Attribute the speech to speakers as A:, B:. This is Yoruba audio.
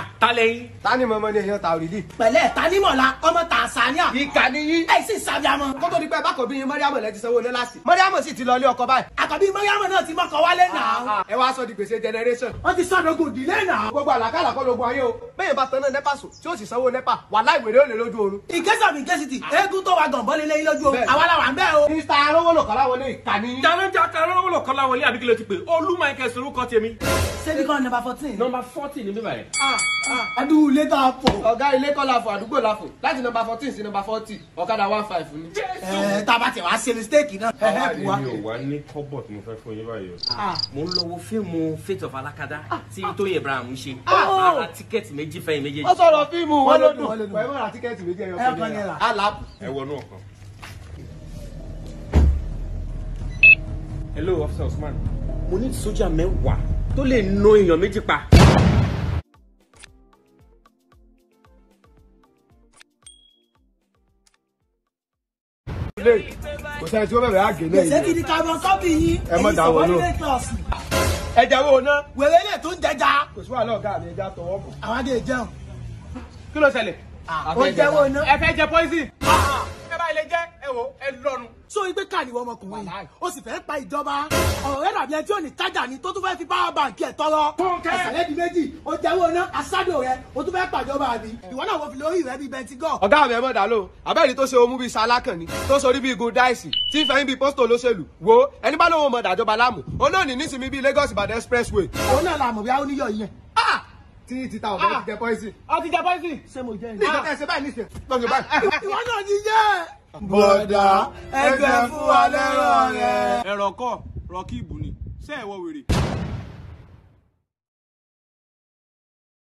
A: àtàlẹyìn. tani mọ̀mọ́ ni èèyàn ta òrìlì. pẹ̀lẹ́ tani mọ̀la ọmọ Tanzania. ìkà ni yín. ẹ sì sàbíàmọ. kó tó di pé bákòbí yín mọ́ríàmọ̀ lẹ́ ti sanwó lé láàsì. mọ́ríàmọ̀ sì ti lọ ilé ọkọ báyìí. àkọ́bí mọ́ríàmọ̀ náà ti mọ́kọ wálé náà. Ah, ah, ah. ẹ wá sọ di gbèsè generation. wọ́n ti sọ́dọ̀gùn ìdílé náà. gbogbo àlàkàlà kọ́ lógun ayé o. bẹ́ẹ̀ bá tanná nepa sùn tí ó sì sanwó nepa wà láìwèrè ó lè lójú oorun lọ́wọ́lọ́ kọ́láwọlé ìkànnì. jàǹdà kàrà lọ́wọ́lọ́ kọ́láwọlé àbí kí ló ti pè olúmọ ẹ̀kẹ́ sorúkọ tèmi. sẹ́díkọ́ nọmba fourteen. nọmba fourteen níbí báyìí. adúgbò ah, ah. ilé tá a fò. ọ̀gá ilé kọ́ la fò àdúgbò la fò láti nọmba fourteen sí nọmba forty ọ̀kadà one five ni. ẹ eh, tábà tẹ wàá ṣe mistake náà. ẹ mi ò wá ní kọ́bọ̀ tí mo fẹ́ fún yín báyìí o. Ah. mo ń lọ́wọ́ fíìmù fate of alakada tí tóyè ibrahim ṣe. a oh. ra tíkẹ́ẹ̀tì méjì fẹ́yìn méjèèjì. ó sọ̀rọ̀ fíìmù wọn ló dùn. ẹ wọnú ọkàn. hello officer Usman. mo ní sójà mẹ́wàá tó lè na èèyàn méjì pa. kò sẹ́ni tí ó bẹ̀rẹ̀ àgè náà. gbèsè kìdí carbon copy yín èyí sọ wọlé kílọ̀sì. ẹja wo ná. wèrè ilé tó ń jẹja. kò sí wàhálà ọ̀gá mi ẹja tọwọ́ bọ̀. àwọn adé jẹun. kí ló ṣẹlẹ̀. ó ah, jẹ́ wo ná. ẹ fẹ́ jẹ poison. Ah! wo ẹ lọ́nu. so igbe ká nìwọ ọmọkùnrin yìí o sì fẹ́ẹ́ pa ìjọba ọ̀rẹ́ ràbí ẹjọ́ ní tájà ni tó tún fẹ́ẹ́ fi báwa bàǹkì ẹ̀ tọrọ. àṣàlẹ̀ di méjì o jẹ́wọ́ ná asádò rẹ o tún fẹ́ẹ́ pàjọba àbí ìwọ náà wọ́n fi lórí rẹ bíi bẹntigọ́. ọ̀gá mi ẹ mọ̀ dàlọ́ abẹ́rẹ́ tó ṣe omú bíi salákàn ni tó sorí bíi igun dáìsì tí fẹ́yìn bíi pọ́sítọ̀ olóṣèlú wo ẹni bá lóun mọ̀ dàjọba láàmú olóòní nísìmí bíi Lagos Ìbàdàn expressway. òun náà làmọ̀ bí a ó níyọ̀ yẹn ah! tí ti ta ọ̀gá ti jẹ pọ́ísì. ọ ah! ti jẹ pọ́ísì. ṣé mo jẹ ẹ. ní ìjọba ẹ ṣe báyìí níṣẹ. lọ́sọ̀ báyìí. ìwọ náà ti jẹ́ ẹ bọ̀dà ẹgbẹ́ fún wa lẹ́rọ̀ rẹ̀. ẹ̀rọ kọ́ rọ́kì ìbù ni ṣé ẹ̀wọ̀ wèrè.